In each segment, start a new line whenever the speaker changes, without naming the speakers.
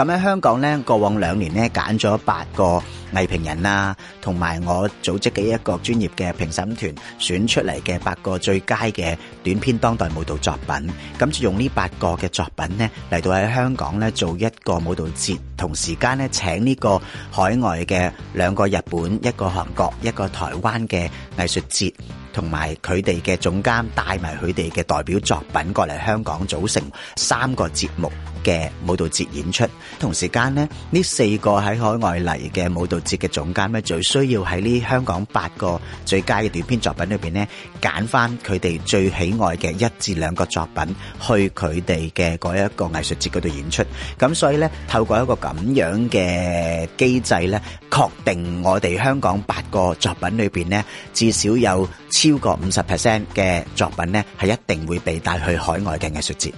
咁喺香港咧，過往兩年咧揀咗八個藝評人啦、啊，同埋我組織嘅一個專業嘅評審團選出嚟嘅八個最佳嘅短篇當代舞蹈作品，咁就用呢八個嘅作品咧嚟到喺香港咧做一個舞蹈節，同時間咧請呢個海外嘅兩個日本、一個韓國、一個台灣嘅藝術節，同埋佢哋嘅總監帶埋佢哋嘅代表作品過嚟香港組成三個節目。嘅舞蹈節演出，同時間咧呢四個喺海外嚟嘅舞蹈節嘅總監咧，最需要喺呢香港八個最佳嘅短篇作品裏邊咧，揀翻佢哋最喜愛嘅一至兩個作品，去佢哋嘅嗰一個藝術節嗰度演出。咁所以咧，透過一個咁樣嘅機制咧，確定我哋香港八個作品裏邊咧，至少有超過五十 percent 嘅作品咧，係一定會被帶去海外嘅藝術節。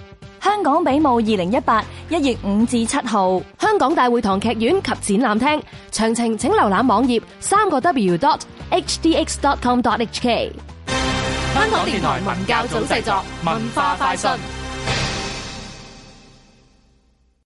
香港比武二零一八一月五至七號，香港大會堂劇院及展覽廳，詳情請瀏覽網頁，請瀏覽網頁三個 w dot h d x dot com dot h k。香港電台文教組製作，文化快訊。